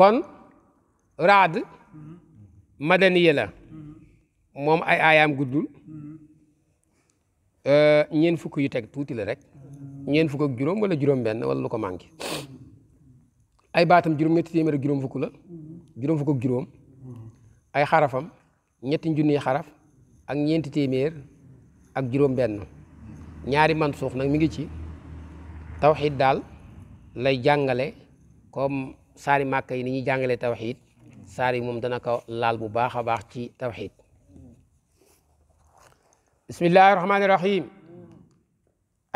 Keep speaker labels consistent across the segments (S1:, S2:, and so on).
S1: kon raad madaniya la moom ay aayaam guddul euh, ñeen fukk yu teg tuuti la rek ñeen fukk ak juróom wala juróom benn wala lu ko manqué ay baatam juróom ñetti téeméer ak juróom fukk la juróom ay xarafam ñetti junniy xaraf ak ñeenti téeméer ak juróom benn ñaari mansuux nag mi ngi ci tawxiid daal lay jàngale saari màkk yi ni ñuy jàngalee tawxiid saar yi moom dana ko laal bu baax a baax ci tawxiid bismillahi rahmaani rahim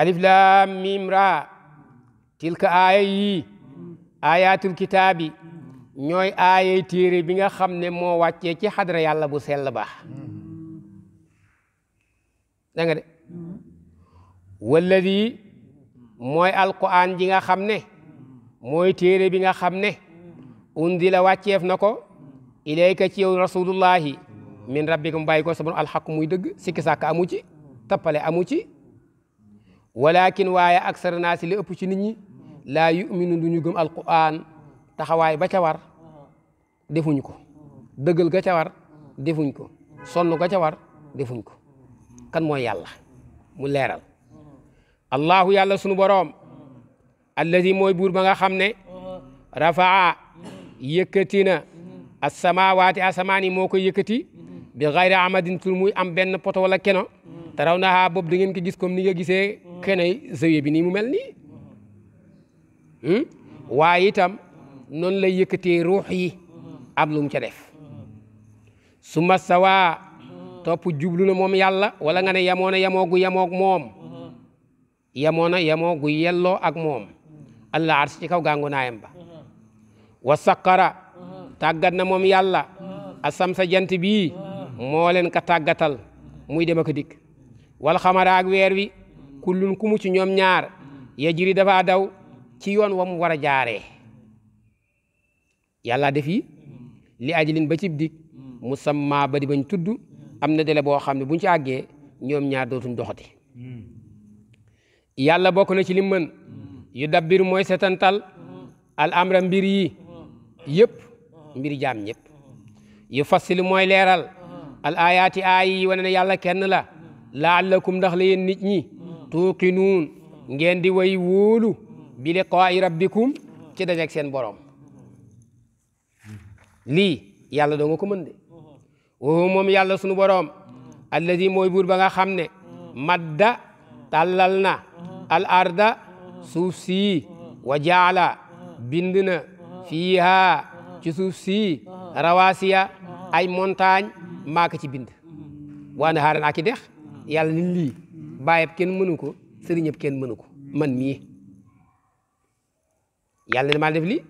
S1: alif laam miim tilka aaya ayatul kitaabi ñooy aayay téere bi nga xam ne moo wàccee ci xadra yàlla bu sell baax da de walladi mooy alquran ji nga xam ne mooy téere bi nga xam ne undila wàcceef na ko ilayka ci yow rasulullahi min rabbika mu bàyyi ko sabon alxaq muy dëgg sikki sàkk amu ci tappale amu ci walakin waaye aksara naa si li ëpp ci nit ñi laa yuminu du ñu gëm alquran taxawaay ba ca war defuñ ko dëggal ga ca war defuñ ko sonn ga ca war defuñ ko kan mooy yàlla mu leeral allahu yàlla sunu alladi mooy buur ba nga xam ne rafaa yëkkati na asamawaati asamaan yi moo koy yëkkati bi xayri amadin tur muy am benn poto wala keno taraw naa boobu da ngeen ko gis comme ni nga gisee keney zawiya bi nii mu mel ni hmm? waaye itam noonu la yëkkatee ruux yi am lu mu ca def su sawa topp jublu moom yàlla wala nga ne yamoona yamoogu yamoog moom yamoona yamoogu yelloo ak moom al arsi ci kaw gàngunaayam ba wa sakkara tàggat na moom yàlla asam sa jant bii moo leen ka tàggatal muy dem ak dikk wal xamara ak weer wi kullun ku mu ci ñoom ñaar ya jiri dafaa daw ci yoon wa mu war a jaaree yàlla def yi li ajlin ba cib dikk musamma ba di bañ tudd am na délai boo xam ne buñ ci àggee ñoom ñaar dootuñ doxati hmm. yàlla bokk na ci yu dabbiru mooy setantal al amra mbir yi yëpp mbir jaam ñëpp yu fassilu mooy leeral al ayaati aay yi wane ne yàlla kenn la laallakum ndax la yéen nit ñi tuuqinuun ngeen di way wóolu bi liqaa'i rabbikum ci da seen boroom lii yàlla doo nga ko mën de woowu moom yàlla sunu borom alladi mooy buur ba nga xam ne madda tàllal na al arda suuf sii wa jaala bind na fiiha ci suuf sii rawaasiya ay montagne maa ci bind waana xaaran ak i dex lii bàyyeb kenn mënu ko sëriñ yëpp kenn mënu ko man mii yàlla ne maa def lii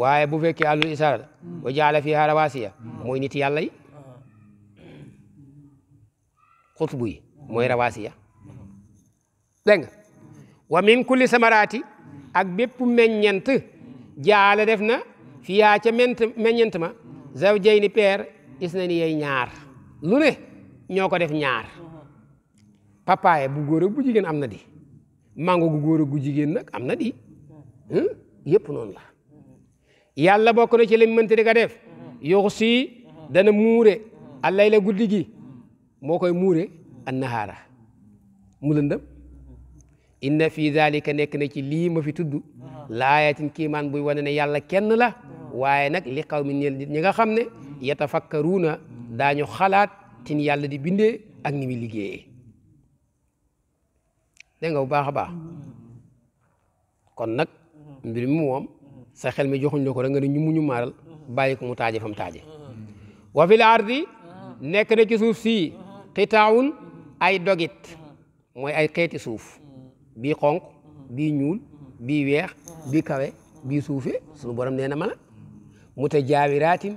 S1: waaye bu fekkee àllu isaara la wa jaala fiiha rawaasiya mooy nit yàlla yi xutbu yi rawaasiya dégg wa min kulli samaraati ak bépp meññent jaala def na fiyaa ca meññent ma zawjayni peer is ni yey ñaar lu ne ñoo ko def ñaar papaaya bu góor ak am na di mango gu góor ak gu jigéen nag am na di yëpp noonu la yàlla bokk na ci li mënti di ko def yoxu si dana muure allay la guddi gi moo koy muure an nahaara mu inna fi zalika nekk na ci lii ma fi tudd laayatin kiimaan buy wane ne yàlla kenn la waaye nag li xaw mi ñeel nit ñi nga xam ne mm. yatafakkaruuna daañu xalaat ci ni yàlla di bindee ak ni muy liggéeyee dégg bu baax a baax mm. kon nag mm. mbir mu moom sa xel mi joxuñ la ko rek nga ne ñu mu mu taaje fa mu taaje wa fil ardi nekk na ci suuf si xitaawun ay dogit mooy ay xeeti suuf bii xonq mhm. bii ñuul mhm. bii weex mhm. bii kawe bii suufe sunu borom nee na ma la mu te jaawiraatin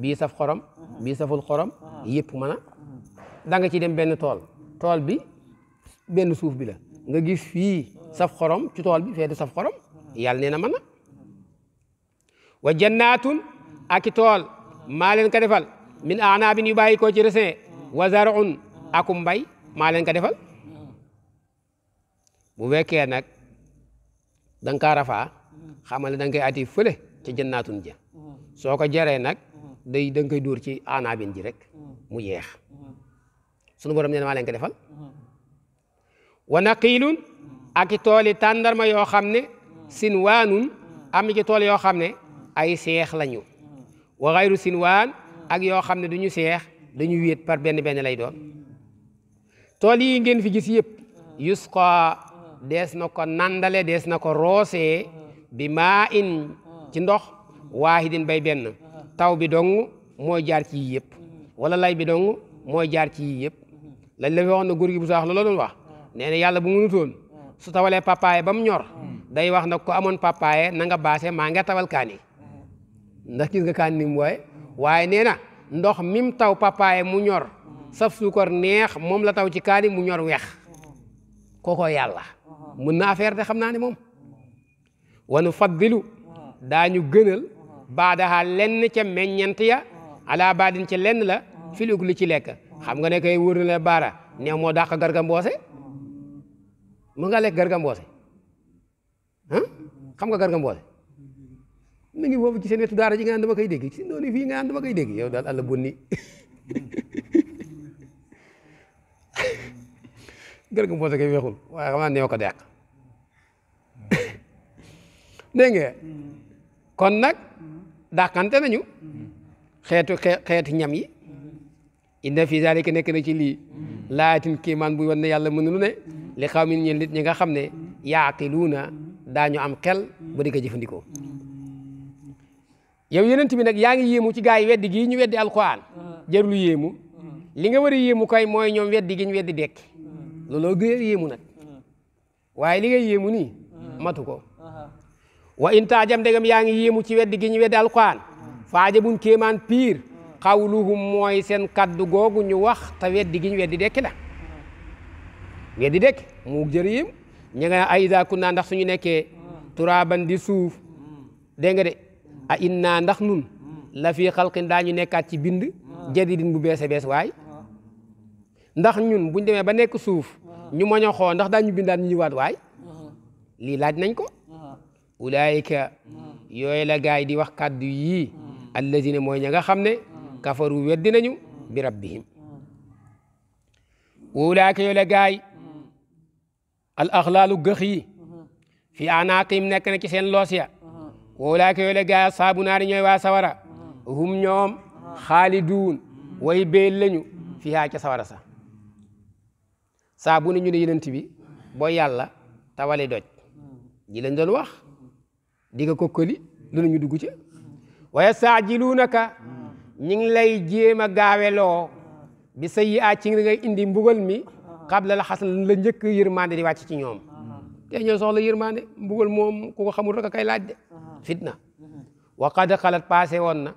S1: bii saf xorom bii saful xorom yëpp mana danga da nga ci dem benn tool tool bi benn suuf bi la nga gis fii saf xorom ci tool bi fee du saf xorom yàlla nee na mën a wa jannaatun aki tool maa leen ko defal min anaabin yu bàyyi koo ci resin wa zarun akum mbay maa leen ko defal bu fekkee nag dang nga kaa rafaa xamal ne da koy ati fële ca jënnaatun ja soo ko jaree nag day da nga ci dóor ci ji rek mu yeex sunu borom nee na maa leen ko defal wa aki ak i tool yi tàndarma yoo xam ne sin sinwaanun am ci tool yoo xam ne ay seex lañu wa sin waan ak yoo xam ne du ñu seex dañu wéet par benn benn lay doon tool yi ngeen fi gis yëpp yusqa dees na ko nandale dees na ko roosee bi maa in ci ndox waahidin bay benn taw bi dong mooy jaar ci yii yëpp wala lay bi dong mooy jaar ci yëpp lañ la fi waxoon na góor gi bu saax loolu doon wax nee na yàlla bu mënutoon su tawalee papaaye ba mu ñor day wax nag ko amoon papaaye na nga baase maa nga tawal kaani ndax gis nga kaani ni waaye waaye nee na ndox mim taw papaaye mu ñor saf suukar neex moom la taw ci kaani mu ñor weex kookoo yàlla mën naa feer de xam naa ne moom wanu faddilu daañu gënal baadaha lenn ca meññant ya ala baadin ci lenn la filug lu ci lekk xam nga ne kay wóor na la baara neew moo dàq garga mboose mu nga lekk garga mboose ah xam nga garga mboose mi ngi foofu ci seen wetu daara ji nga naan dama koy dégg si noonu fii nga naan dama koy dégg yow daal àlla bonni gërëm nga mboota kay weexul waaye xam naa ne ko deq dégg nga kon nag dàqante nañu xeetu xeetu ñam yi inna fi zalika nekk na ci lii laayatin kiimaan bu wan ne yàlla mënu lu ne li xaw min ñeen nit ñi nga xam ne daa ñu am xel ba di ko jëfandikoo yow yeneen bi nag yaa ngi yéemu ci gaa yi weddi gii ñu weddi alquran jarul yéemu li nga war a yéemu kay mooy ñoom weddi gi ñu weddi dekki looloo gën a yéemu nag waaye li ngay yéemu matu ko wa in taajam ndegam yaa ngi yéemu ci weddi gi ñu weddi alquran faaja buñ kéemaan piir xawluhum mooy seen kaddu googu ñu wax te weddi gi ñu weddi dekki la weddi dekk mu jër yéemu ñu nga a iza kunna ndax suñu nekkee turaban di suuf dégg nga de a inna ndax nun la fii daañu nekkaat ci bind jadidin bu bees a bees waay ndax ñun buñ demee ba nekk suuf ñu moño xoo ndax daañu bindaan ñu waat waay lii laaj nañ ko ulaayika yooyu la gaay di wax kàddu yii allazina mooy ña nga xam ne kafaru weddi nañu bi rabbihim ulaayika yooyu la gaay al axlaalu gëx yi fi anaaqim nekk na ci seen loos ya ulaayika yooyu la gaay saabu naari ñooy waa sawara hum ñoom xaaliduun way beel lañu fihaa ca sawara sa saa bu ne ñu ne yonent bi boo yàlla tawali doj ñi lañ doon wax di nga kokkali lu ne ñu dugg ca waaye saajiluunaka ñi ngi lay jéem a gaaweloo bi sa yi ci ngi indi mbugal mi xabla la xasan la njëkk yërmande di wàcc ci ñoom te ñoo soxla yërmande mbugal moom ku ko xamul rek a kay laaj de fitna wa qad xalat woon na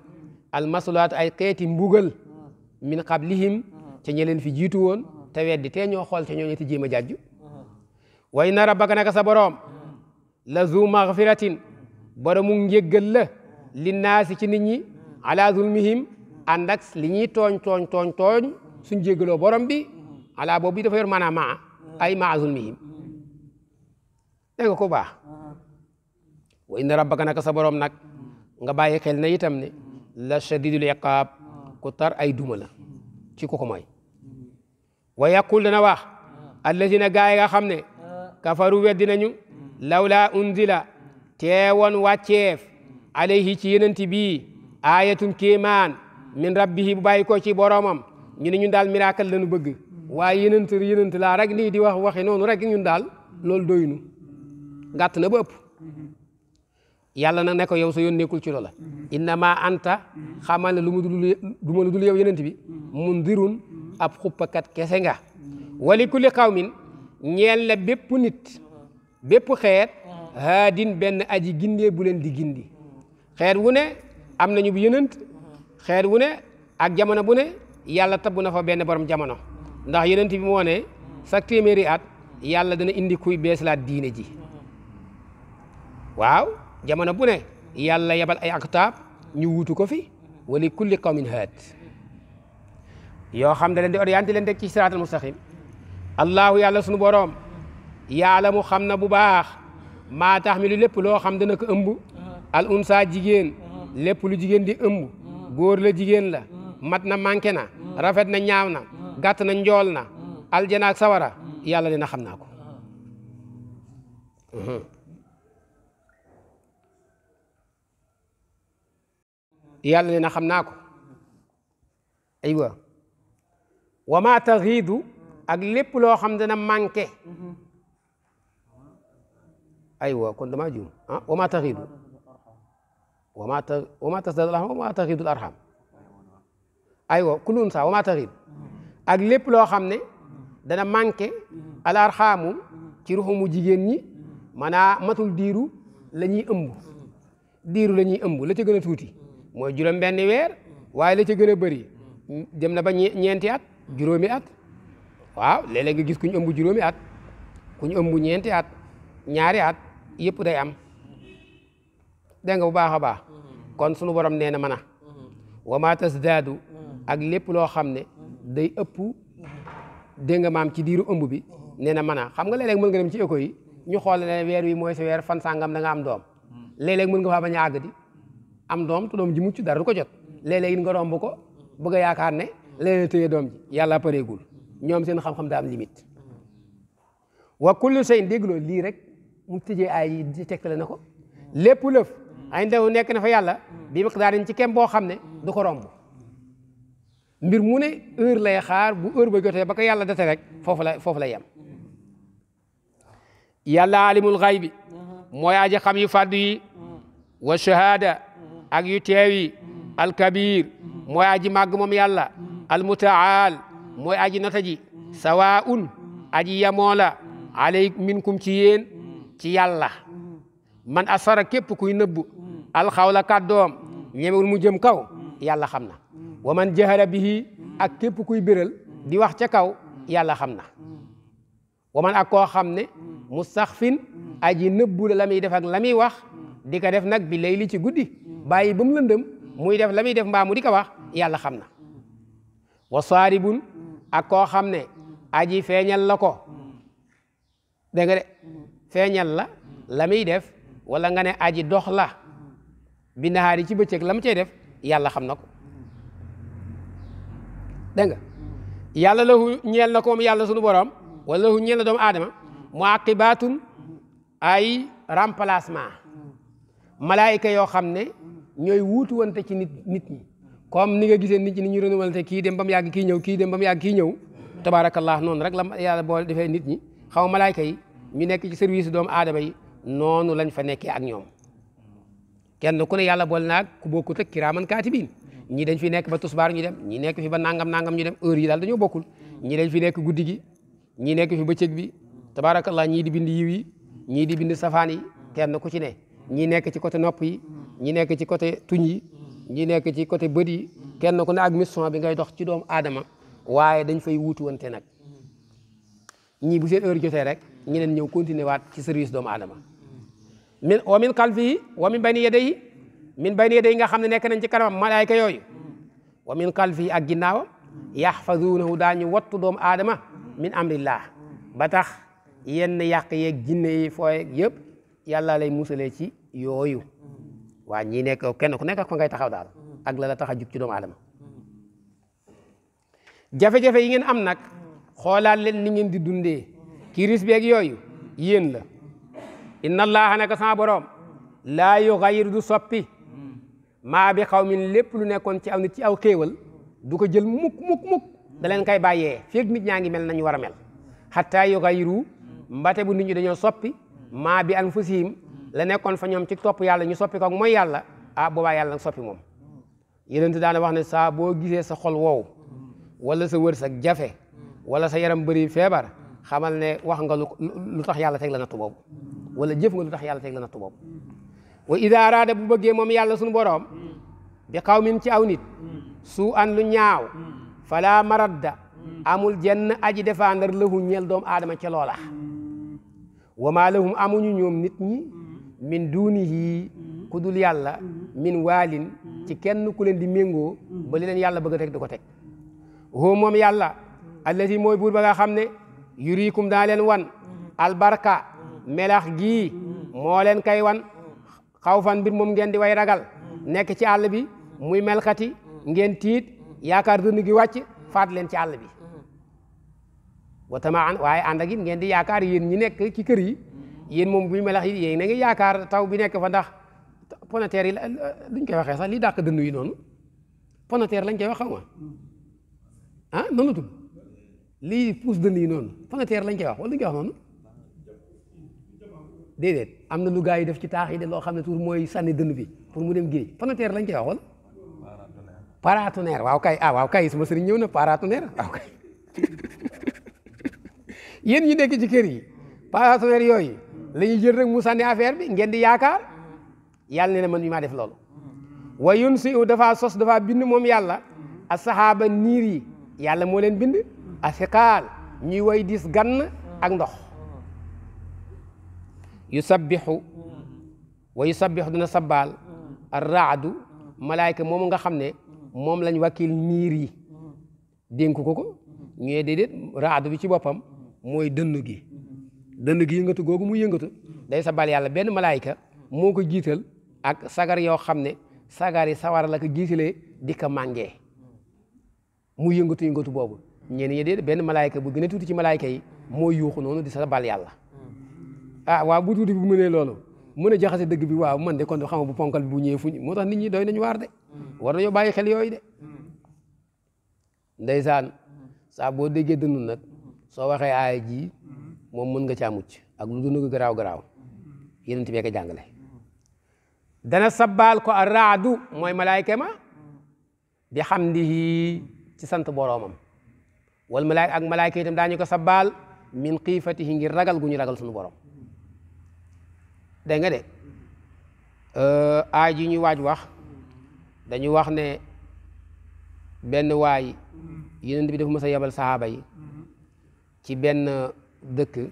S1: almasulaat ay xeeti mbugal min qablihim ca ñe leen fi jiitu woon te weddi tee ñoo xool te ñoo ñu ti jéem a jàjju wa inna rabbaka naka sa boroom la zu magfiratin boromu njéggal la linnaasi ci nit ñi ala zulmihim ànd li ñuy tooñ tooñ tooñ tooñ suñ jéggaloo borom bi ala boobu dafa yor maanaam maa ay maa zulmihim dégg nga ko baax wa inna rabbaka naka sa boroom nag nga bàyyi xel na itam ne la shadidul iqaab ku tar ay duma wa yaqul dana wax allazina gaa yi nga xam ne kafaru weddi nañu lawla unzila teewoon wàcceef alayhi ci yenanti bii ayatun kéemaan min rabbihi bu bàyyi ko ci boromam ñu ne ñun daal miracle lañu bëgg waaye yenant yenant laa rek lii di wax waxi noonu rek ñun daal loolu doynu ngàtt na ba ëpp yàlla nag ne ko yow sa yoon nekkul ci loola innama anta xamal ne lu mu dul du ma lu dul yow yenant bi ab xuppakat kese nga wali kulli xawmin ñeel la bépp nit bépp xeet haadin benn aji gindee bu leen di gindi xeet wu ne am nañu bu yonent xeet wu ne ak jamono bu ne yàlla tabbu na fa benn borom jamono ndax yonent bi moo ne téeméeri at yàlla dana indi kuy beesalaat diine ji waaw jamono bu ne yàlla yabal ay aktaab ñu wuutu ko fi wali kulli qawmin haat yoo xam ne leen di orienté leen teg ci siraatal mustaqim allahu yàlla sunu boroom yàlla mu xam na bu baax maa tax mi lépp loo xam dana ko ëmb al unsa jigéen lépp lu jigéen di ëmb góor la jigéen la mat na manqué na rafet na ñaaw na gàtt na njool na aljana ak sawara yàlla dina xam naa ko yàlla dina xam naa ko aywa wa maa taxiidu ak lépp loo xam dana manqué aywa kon damaa juum ah wa maa taxiidu wa maa ta ak lépp loo xam ne dana manqué al-arxaamu ci ruxumu jigéen ñi maanaa matul diiru la ñuy ëmb diiru la ñuy ëmb la ca gën tuuti mooy juróom benn weer waaye la ca gën a bëri dem na ba ñeenti at juróomi at waaw léeg nga gis kuñ ëmb juróomi at kuñ ëmb ñeenti at ñaari at yëpp day am dégg nga bu baax a baax mm-hmm. kon sunu borom nee na mën a mm-hmm. wa ma tasdaadu mm-hmm. ak lépp loo xam ne day ëpp dégg nga maam ci diiru ëmb bi nee na mën xam nga léeg mën nga dem ci éco yi ñu xool ne weer wi mooy sa weer fan sangam da nga am doom léeg-léeg mën nga faa bañ di am doom te doom ji mucc dara du ko jot léeg-léeg nga romb ko bëgg yaakaar ne leen téye doom ji yàlla pareegul ñoom seen xam-xam daa am limite wa kullu shay'in dégg loolu lii rek mu tëjee ay yi di ko lépp lëf ay ndaw nekk na fa yàlla bi miqdaarin ci kem boo xam ne du ko romb mbir mu ne heure lay xaar bu heure ba jotee ba ko yàlla date rek foofu la foofu la yem yàlla alimul xaybi mooy aji yu fàddu wa shahada ak yu teew alkabir mooy aji màgg moom yàlla almutaal mooy aji nota ji sawaun aji yamoola alay minkum ci yéen ci yàlla man asara képp kuy nëbbu alxawla kàddoom ñemewul mu jëm kaw yàlla xam na wa man jahara bihi ak képp kuy béral di wax ca kaw yàlla xam na wa man ak koo xam ne mustaxfin aji nëbbu la la muy def ak la muy wax di ko def nag bi layli ci guddi bàyyi ba mu muy def la muy def mbaa mu di ko wax yàlla xam na wa saaribun ak koo xam ne aji feeñal la ko dégg de feeñal la la muy def wala nga ne aji dox la bi nahaari ci bëccëg la mu cay def yàlla xam na ko dégg nga yàlla lahu ñeel na ko moom yàlla sunu borom wala lahu ñeel na doomu aadama mu aqibaatun ay remplacement malaayika yoo xam ne ñooy wuutu wante ci nit nit ñi comme ni nga gisee nit ñi ni ñu renouvelé kii dem ba mu yàgg kii ñëw kii dem ba mu yàgg kii ñëw noonu rek la yàlla boole defee nit ñi xaw malaayka yi ñu nekk ci service doom aadama yi noonu lañ fa nekkee ak ñoom kenn ku ne yàlla boole naag ku bokkut ak kiraaman kaatibiin ñii dañ fi nekk ba tusbaar ñu dem ñi nekk fi ba nangam nangam ñu dem heure yi daal dañoo bokkul ñii dañ fi nekk guddi gi ñii nekk fi bëccëg bi tabaarakallah ñii di bind yiw yi ñii di bind safaan yi kenn ku ci ne ñii nekk ci côté nopp yi ñii nekk ci côté tuñ yi ñi nekk ci côté bët yi kenn ku ne ak mission bi ngay dox ci doomu aadama waaye dañ fay wuutu wante nag ñii bu seen heure jotee rek ñeneen ñëw continuer waat ci service doomu adama min wa min xalfihi wa min bayni yadayhi min nga xam ne nekk nañ ci kanamam malaayka yooyu wa min xalfihi ak ginnaawam yaxfazuunahu daañu wattu doomu aadama min amrillah ba tax yenn yàq yeeg jinne yi fooy yëpp yàlla lay musalee ci yooyu waa ñii nekk kenn ku nekk ak fa taxaw daal mm-hmm. ak la la tax a jug ci doomu aadama jafe-jafe yi ngeen am nag xoolaat leen ni ngeen di dundee kiris mm-hmm. beeg yooyu mm-hmm. yéen la inna allaha naka sama boroom laa yughayyiru du soppi maa bi qawmin lépp lu nekkoon ci aw nit ci aw xéewal du ko jël mukk mukk mukk da leen koy bàyyee feeg nit ñaa ngi mel nañu war a mel xatta yughayyiru mba bu nit ñi dañoo soppi maa bi anfusihim la nekkoon fa ñoom ci topp yàlla ñu soppi ko ak mooy yàlla ah boobaa yàlla nag soppi moom yeneen daana wax ne saa boo gisee sa xol wow wala sa wërsëg jafe wala sa yaram bëri feebar xamal ne wax nga lu tax yàlla teg na nattu boobu wala jëf nga lu tax yàlla teg la nattu boobu wa ida araada bu bëggee moom yàlla suñu boroom bi xawmin ci aw nit su an lu ñaaw fala maradda amul jenn aji défendre lahu ñeel doomu aadama ca loola wa maa lahum amuñu ñoom nit ñi min duunihi mm-hmm. ku dul yàlla mm-hmm. min waalin mm-hmm. ci kenn ku leen di méngoo ba li leen yàlla bëgg a teg du ko teg hoo moom yàlla allati mooy buur ba nga xam ne yuriikum daa leen wan albarka melax gii moo leen kay wan xawfan mbir moom ngeen di way ragal nekk ci àll bi muy melxati ngeen tiit yaakaar dund gi wàcc faat leen ci àll bi wa tamaan waaye ànd di yaakaar yéen ñi nekk ci kër yi yéen moom bu ñu melax yi yéen na ngi yaakaar taw bi nekk fa ndax ponateer yi luñ koy waxee sax li dàq dënnu yi noonu ponateer lañ koy wax xaw ma ah, noonu tudd lii puus dënn yi noonu ponateer lañ koy wax wala luñ koy am na lu gaa yi def ci taax yi da loo xam ne tur mooy sànni dënn bi pour mu dem géej ponateer lañ koy wax wala paratonnerre waaw kay ah waaw kay sama sëriñ ñëw na paratonnerre waaw kay yéen ñi nekk ci kër yi paratonnerre yooy la ñuy jël rek mu sànni affaire bi ngeen di yaakaar yàlla ne man mi maa def lool wa yun si u dafaa sos dafaa bind moom yàlla a saxaaba niir yi yàlla moo leen bind a siqaal ñuy way dis gann ak ndox yu sabbixu wa yu sabbixu dina sabbaal ar raadu malaayka moomu nga xam ne moom lañu wakkil niir yi dénk ko ko ñëwee déedéet raadu bi ci boppam mooy dënn gi dana gi yëngatu googu mu yëngatu sa sabal yàlla benn malaayika moo ko jiital ak sagar yoo xam ne sagar yi sawar la ko jiitalee di ko màngee mu yëngatu yëngatu boobu ñenn ñi de benn malaayika bu gën a ci malaayika yi moo yuuxu noonu di sabal yàlla ah waaw bu tuuti bi mu ne loolu mën a jaxase dëgg bi waaw man de xam bu ponkal bu ñëwee fu ñu moo tax nit ñi doy nañu waar de war nañoo bàyyi xel yooyu de ndeysaan saa boo déggee dënnu nag soo waxee aaya moom mën nga caa mucc ak lu dund garaaw garaaw yeneen ti bee ko jàngale dana sabbaal ko arraadu mooy malaayka ma di xamdihi ci sant boroomam wal malaayka ak malaayka itam daañu ko sabbaal min xiifatihi ngir ragal gu ñu ragal sunu borom dégg nga de euh, aa yi ñu waaj wax dañu wax ne benn waay yeneen bi dafa mës a yebal sahaaba yi ci benn dëkk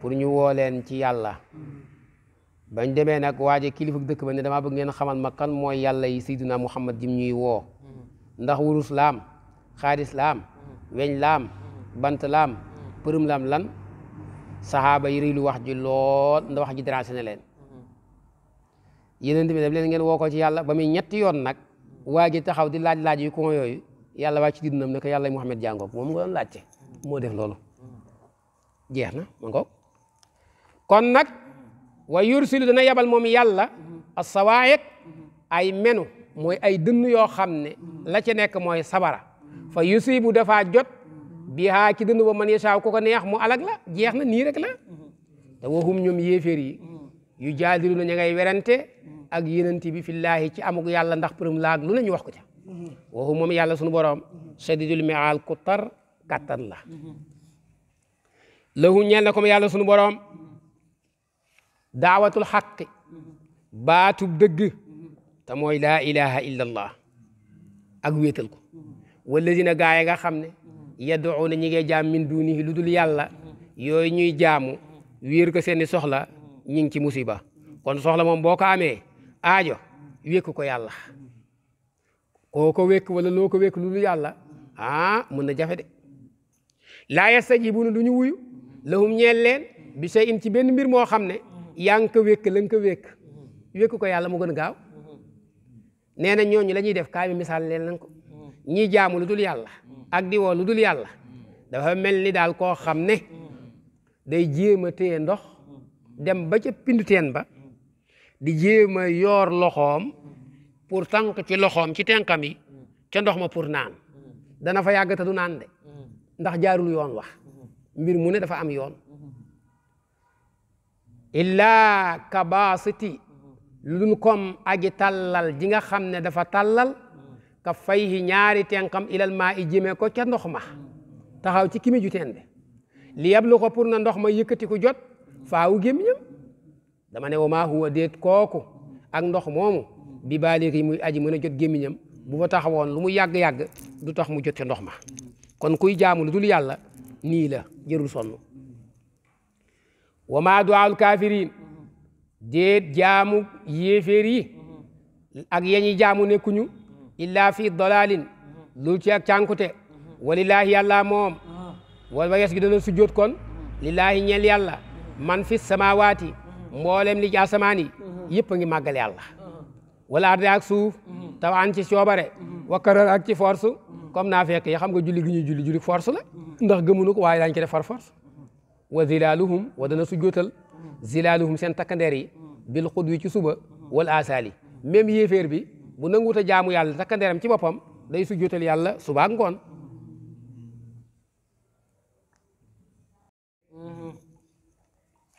S1: pour ñu woo leen ci yàlla bañ demee nag waaje kilifa dëkk ba ne damaa bëgg ngeen xamal ma kan mooy yàlla yi sayyidina muhammad jim ñuy woo ndax wurus laam xaalis laam weñ laam bant laam përëm laam lan saxaaba yi rëylu wax ji lool nda wax ji dérangé na leen yeneen tamit daf leen ngeen woo ko ci yàlla ba muy ñetti yoon nag waa ji taxaw di laaj laaj yu ko yooyu yàlla waa ci diddinam ne ko yàlla Muhammad jàngoog moom nga doon laajte moo def loolu jeex na ma ngoog kon nag wa yursilu dana yabal moom yàlla asawaayiq ay menu mooy ay dënn yoo xam ne la ci nekk mooy sabara fa yusibu dafaa jot bihaa ci dënn ba man yasaaw ko ko neex mu alag la jeex na nii rek la te waxum ñoom yéeféer yi yu jaadilu na ña ngay werante ak yenanti bi fillaahi ci amuk yàlla ndax përëm laag lu ne ñu wax ko ca waxum moom yàlla sunu borom shadidul mi'aal ku tar kattan la lahu ñeel na ko mu yàlla sunu boroom daawatul xaqi baatub dëgg te mooy laa ilaha illa allah ak wéetal ko walladina gaay nga xam ne yadduuna ñi ngay jaam min dunihi lu dul yàlla yooyu ñuy jaamu wiir ko seeni soxla ñi ngi ci musiba kon soxla moom boo ko amee aajo wékk ko yàlla koo ko wékk wala loo ko wékk lu dul yàlla ah mën na jafe de laa yastajibuuna du ñu wuyu lahum ñeel leen bi shay in ci benn mbir moo xam ne yaa ngi ko wékk la nga ko wékk wékk ko yàlla mu gën gaaw nee na ñooñu la ñuy def kaay bi misaal leen nañ ko ñii jaamu lu dul yàlla ak di woo lu dul yàlla dafa mel ni daal koo xam ne day jéem a téye ndox dem ba ca pindu teen ba di jéem a yoor loxoom pour tànk ci loxoom ci tenkam yi ca ndox ma pour naan dana fa yàgg du naan de ndax jaarul yoon wax mbir mu ne dafa am yoon mm-hmm. illaa kabaasiti mm-hmm. luñ kom aji tallal ji nga xam ne dafa tallal mm-hmm. ka fayhi ñaari tenqam ilal maa i ko ca ndox ma taxaw ci kimi ju teen bi li yablu ko pour na ndox ma yëkkati ku jot faawu gémmiñam dama ne wa maa huwa déet kooku ak ndox moomu bi baalik yi muy aji mën a jot gémmiñam bu fa taxawoon lu mu yàgg-yàgg du tax mu jot ca ndox ma kon kuy jaamu lu dul yàlla nii la jërul sonn wa maa duwaawul kaafirin déet jaamu yéeféer yi ak yeñi jaamu nekkuñu illa fi dalalin lu ci ak cànkute walillaahi yàlla moom wal ba yes gi dana sujjóot kon lillaahi ñel yàlla man fi samawaati mboolem li ci asamaan ngi màggal yàlla wala arde ak suuf tawaan ci coobare wakkaral ak ci force comme naa fekk ya xam nga julli gi ñuy julli julli force la ndax gëmuñu ko waaye daañu ci def far force wa zilaaluhum wa dana sujjootal zilaaluhum seen takkandeer yi bil xudwi ci suba wal asaali même yéeféer bi bu nanguwut a jaamu yàlla takkandeeram ci boppam day sujjootal yàlla suba ak ngoon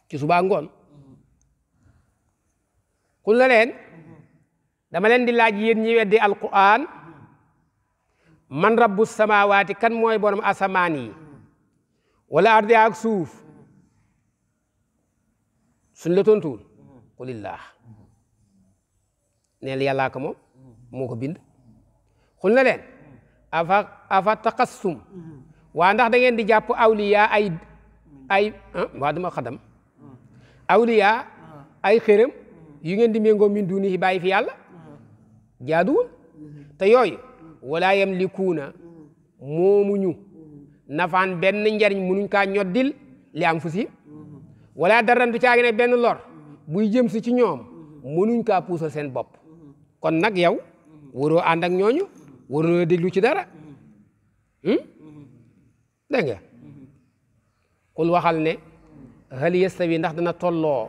S1: ci suba ak ngoon xul na leen dama leen di laaj yéen ñi weddi alquran man rabbu samawaati kan mooy borom asamaan yi wala ak suuf suñ la tontuwul qulillah neel yàllaa ko moom moo ko bind xul na leen afa afa taqassum waa ndax da ngeen di jàpp awliya ay ay ah, waa duma xadam awliya ay xërëm yu ngeen di méngoo min dunihi bàyyi fi yàlla jaaduwul te yooyu wala yamlikuuna moomuñu nafaan benn njariñ munuñ kaa ñoddil li am fu si wala daran du caagi benn lor buy jëm si ci ñoom munuñ kaa puusal seen bopp kon nag yow waroo ànd ak ñooñu waroo déglu ci dara hmm? dégg nga kul waxal ne hal yastawi ndax dana tolloo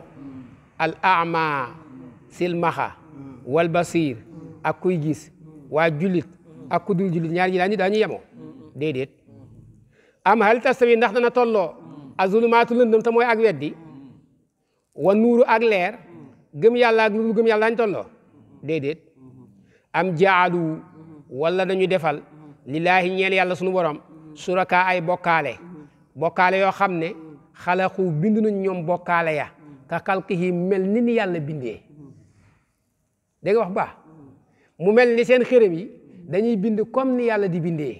S1: al ama silmaxa wal basir ak kuy gis waa jullit ak ku dul ñaar ñi daañu daañu yemoo déedéet am hal tastawi ndax dana tolloo mm. azulumaatu lëndëm te mooy ak weddi mm. wa nuuru ak leer mm. gëm yàlla ak lu gëm yàlla daañu tolloo mm-hmm. déedéet mm-hmm. am jaalu mm-hmm. wala dañu defal lillaahi ñeel yàlla sunu borom suraka ay bokkale bokkaale yoo xam ne xalaxu bind nañ ñoom bokkaale ya ka xalqihi mel ni ni yàlla bindee da nga wax baax mu mel ni seen xërëm yi dañuy bind comme ni yàlla di bindee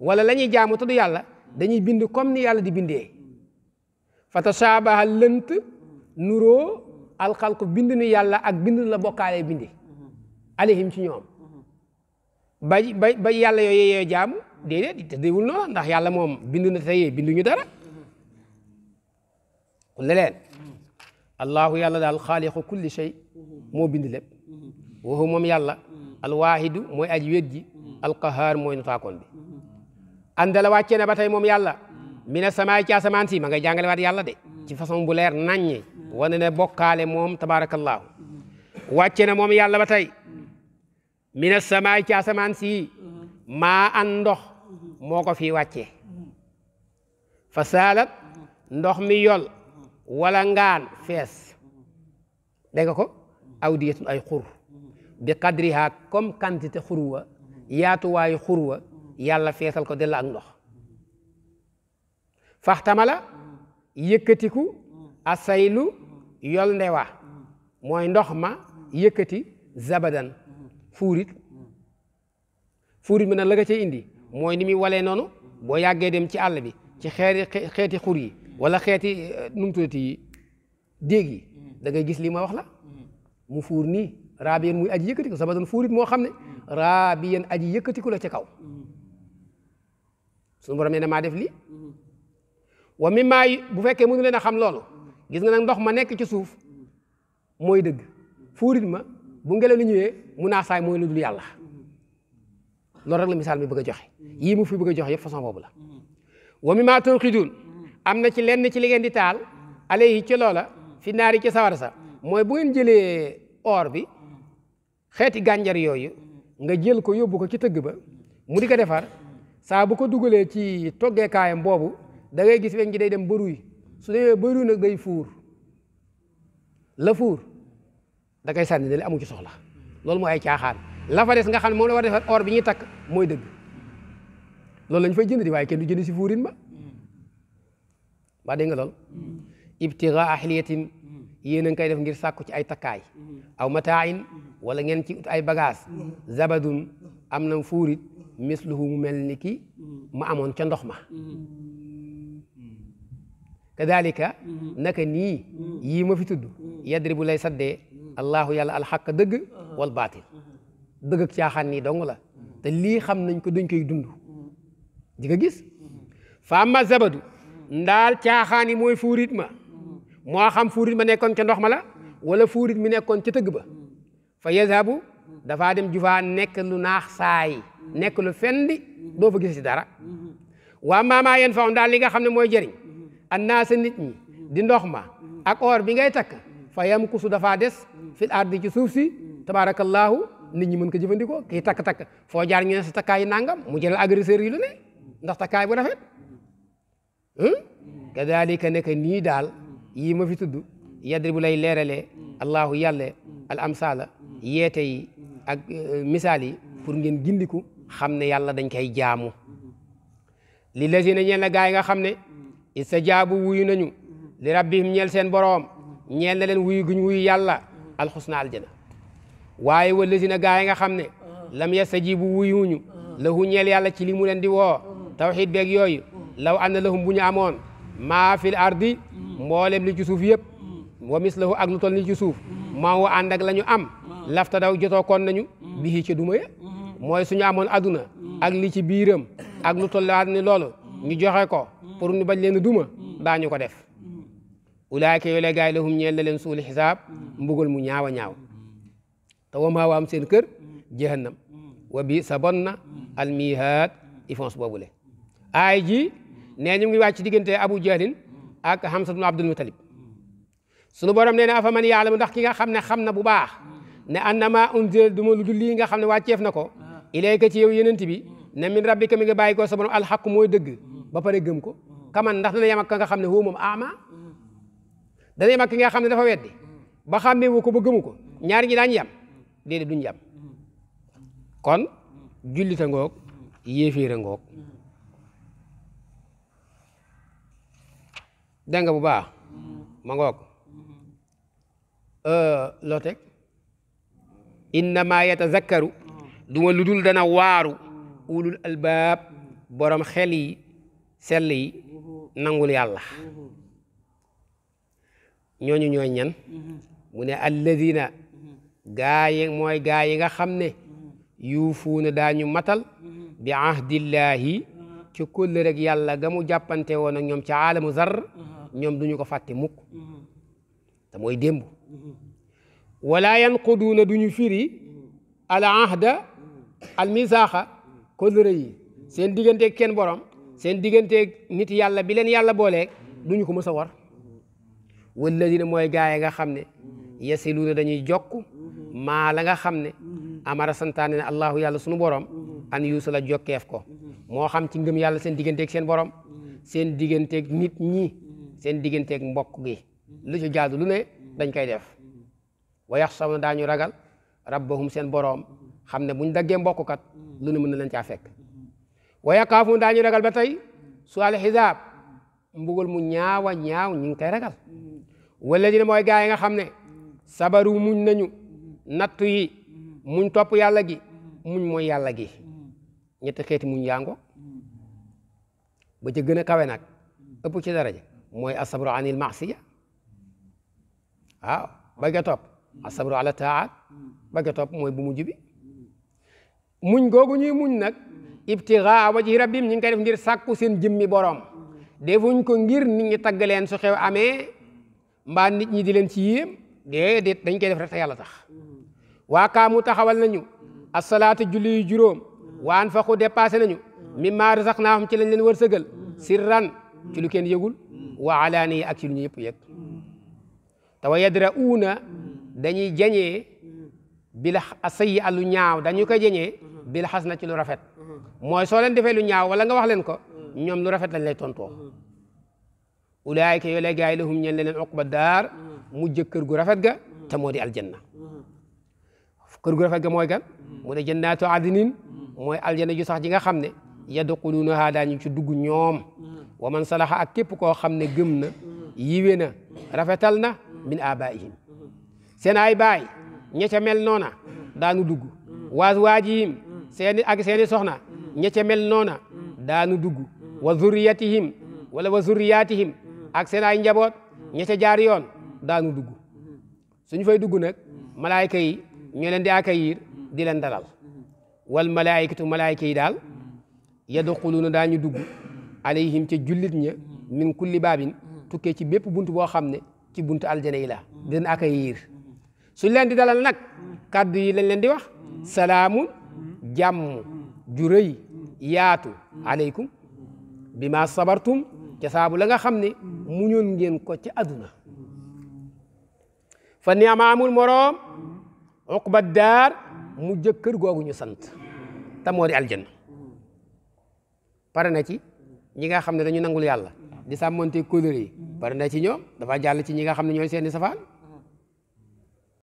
S1: wala la ñuy jaamu te du yàlla dañuy bind comme ni yàlla di bindee fa tasaabaha lënt nuroo alxalqu bind nu yàlla ak bind la bokkaale bindi alihim ci ñoom ba ba ba yàlla jaamu déedéet te déwul noonu ndax yàlla moom bind na tey binduñu dara ne leen allahu yàlla daal xaaliqu kulli shay moo bind lépp waxu moom yàlla alwaahidu mooy aji wéet ji alqahaar mooy notaakoon bi andala wàccee na ba tey moom yàlla mina samaay ci asamaan si ma ngay jàngale yàlla de ci façon bu leer naññe wane na bokkaale moom tabaarakallaahu wàcce na moom yàlla ba tey mina samaay ci asamaan si maa an ndox moo ko fi wàccee fa saalat ndox mi yol wala ngaan fees dégg nga ko awdiyatun ay xur bi qadriha comme quantité xurwa yaatuwaayu xurwa yàlla feesal ko dell ak ndox faxtamala yëkkatiku asaylu yol ndewa mooy ndox ma yëkkati zabadan fuurit fuurit mi nag la nga cay indi mooy ni muy walee noonu boo yàggee dem ci àll bi ci xeeti xeeti xur yi wala xeeti eh, numtuti yi déeg yi mm. da gis li ma wax mm. mu fuur nii raabiyan muy aji yëkkati ko sabadan fuurit moo xam ne mm. raabiyan aji yëkkati ko la ca kaw mm. suñu def lii mm-hmm. wa mi bu fekkee mënu leen a xam loolu mm. gis nga nag ndox ma nekk ci suuf mooy dëgg fuurit ma bu ngelaw li mu naa saay mooy lu dul yàlla mm-hmm. loolu rek la misaal mi bëgg a joxe mm-hmm. yii mu fi bëgg a joxe yëpp façon boobu la wa mi maa tunqidun am na ci lenn ci li ngeen di taal yi ci loola fi naari ci sawar sa mooy bu ngeen jëlee or bi xeeti gànjar yooyu nga jël ko yóbbu ko ci tëgg ba mu di ko defar saa bu ko dugalee ci toggeekaayam boobu da ngay gis weñ gi day dem baruy su demee baruy nag day fuur la fuur da koy sànni dali amu ci soxla loolu mooy ay caaxaan la fa des nga xam ne moom la war a defar or bi ñuy tak mooy dëgg loolu lañ fay jënd di waaye kenn du jënd si fuurin ba waa dégg nga lool ibtigaa ahliyatin yéen a koy def ngir sàkku ci ay takkaay mm-hmm. aw mataayin wala ngeen ci ay bagaas mm-hmm. zabadun am na fuurit misluhu mu mel ni ki mm-hmm. ma amoon ca ndox ma kadalika naka nii yii ma fi tudd yadri bu lay sadde allaahu yàlla alxaq dëgg uh-huh. wal baatil uh-huh. dëgg caaxaan nii dong la lii xam nañ ko dañ koy dund di nga gis fa amma zabadu ndaal caaxaan mooy fuurit ma moo xam fuurit ma nekkoon ca ndox ma la wala fuurit mi nekkoon ca tëgg ba fa yezabu dafaa dem jufaa nekk lu naax saay nekk lu fendi doo fa gis si dara waa maamaa yeen faw daal li nga xam ne mooy jëriñ annaa sa nit ñi di ndox ma ak or bi ngay takk fa yam kusu dafaa des fil ardi ci suuf si tabaarakallaahu nit ñi mën ko jëfandikoo kii takk-takk foo jaar ñu ne sa takkaayi nangam mu jël agresseur yi lu ne ndax takkaay bu rafet hmm? kadalika nekk nii daal yii ma fi tudd yadri bu lay leeralee allahu yàlla al amsaala yeete yi ak eh, misaal yi pour ngeen gindiku xam ne yàlla dañ koy jaamu li lazina ñeel na gaa yi nga xam ne istajaabu wuyu nañu li rabbihim ñeel seen boroom ñeel na leen wuyu guñ wuyu yàlla alxusna aljana waaye wa lazina gaa yi nga xam ne lam yastajibu wuyuñu lahu ñeel yàlla ci li mu leen di woo tawxiid beeg yooyu law anna lahum bu amoon maa fil ardi mboolem li ci suuf yëpp mm. wa mislahu ak lu toll ni ci suuf mm. maa wa ànd ak la am mm. lafta daw jotoo koon nañu bihi ci duma ya mm-hmm. mooy suñu amoon aduna ak li ci biiram ak lu tollaat ni loolu ñu joxe ko pour ñu bañ leen duma daañu ko def ulaayka yooyu la gaay la ñeel na leen suul xisaab mbugal mu ñaaw a ñaaw te wa maa am seen kër jahannam wa bi sa bon na almihaad boobu le aay ji nee ñu ngi ci diggante abu jahlin ak Hamza ibn Abdul Muttalib sunu borom nee na afa man ya'lamu ndax ki nga xam ne xam na bu baax ne annama unzila du ma lu dul lii nga xam ne ceef na ko ilayka ci yow yenent bi ne min rabbika mi nga bàyyi ko sa al alxaq mooy dëgg ba pare gëm ko kama ndax dana yem ak ka nga xam ne woo moom ama dana yem ak ki nga xam ne dafa weddi ba xàmmee wu ko ba gëmu ko ñaar ñi daañ yam déedéet duñ yam kon ngook ngoog yéeféera ngook dégg bu baax ma ngoog euh, loo teg innama yatazakkaru duma lu dul dana waaru ulul albaab borom xel yi sell yi nangul yàlla ñooñu ñooy ñan mu ne alladina gaa mooy gaa yi nga xam ne yuufuuna daañu matal bi ahdillahi ci kulli rek yàlla gamu mu jàppante woon ak ñoom ci alamu zar uh-huh. ñoom duñu ko fàtte mukk uh-huh. te mooy démb uh-huh. wala yanquduuna duñu firi al ahda al misaaxa kóllëre yi seen digganteeg kenn borom seen digganteeg nit yàlla bi leen yàlla booleeg duñu ko mës a war walladina mooy gaay nga xam ne yasiluuna dañuy jokk maa la nga xam ne amara santaane ne allahu yàlla sunu borom an yuusala jokkeef ko moo xam ci ngëm yàlla seen digganteeg seen borom seen digganteeg nit ñi seen digganteeg mbokk gi lu ci jaadu lu ne dañ koy def wa yaxsabuna daañu ragal rabbahum seen borom xam ne buñ daggee mbokkukat lu ne mën na leen caa fekk wa yaqaafuuna daañu ragal ba tey su al xisaab mbugal mu ñaawa ñaaw ñu ngi koy ragal wala dina mooy gaa yi nga xam ne sabaru muñ nañu nattu yi muñ topp yàlla gi muñ mooy yàlla gi ñetti xeeti muñ yaango ba ca gën a kawe nag ëpp ci daraja mooy asabru anil maasiya waaw ba ca topp asabru ala taat ba ca mooy bu mujj bi muñ googu ñuy muñ nag ibtigaa wajhi rabbim ñi ngi koy def ngir sàkku seen jëmmi borom defuñ ko ngir nit ñi tagg leen su amee mbaa nit ñi di leen ci yéem déedéet dañ koy def rek te yàlla tax waa kaamu taxawal nañu asalaatu julli yu juróom waan faqu dépassé nañu mimmaa razaqnaahum ci lañ leen wërsëgal sirran ci lu kenn yëgul wa alaani ak ci lu ñu yëpp yëg te wa dañuy dañuy jañee bil sayyi a lu ñaaw dañuy ko jañee bil xasna ci lu rafet mooy soo leen defee lu ñaaw wala nga wax leen ko ñoom lu rafet lañ lay tontoo ulaayika yoo lay gaay lahum ñeen leneen uqba daar mu jëkk gu rafet ga te moo di aljanna kër gu rafet ga mooy gan mu ne jannaatu adnin mooy aljana ju sax ji nga xam ne yadxuluunahaa daañu ci dugg ñoom mm. wa man salaxa ak képp koo xam ne gëm na mm. yiwe na rafetal na mm. min abaihim seen ay baay ña ca mel noona daanu dugg waas waajihim seeni ak soxna ña mel noona daanu dugg wa zurriyatihim wala wa zurriyatihim ak seen ay njaboot ña ca jaar yoon daanu dugg suñu fay dugg nag malaayka yi ñoo leen di accueillir di leen dalal wal malaayikatu malaayika yi daal yadxuluuna daañu dugg alayhim ca jullit ña min kulli baabin tukkee ci bépp bunt boo xam ne ci buntu aljana yi la dina accueillir suñ leen di dalal nag kàddu yi lañ leen di wax salaamun jàmm ju yaatu aleykum bi ma sabartum ca saabu la nga xam ne muñoon ngeen ko ci àdduna fa niamaamul moroom uqba daar mu jëkk kër googu ñu sant te moo di aljanna pare na ci ñi nga xam ne dañu nangul yàlla di sàmmonte kóllëre yi pare na ci ñoom dafa jàll ci ñi nga xam ne ñooy seeni safaan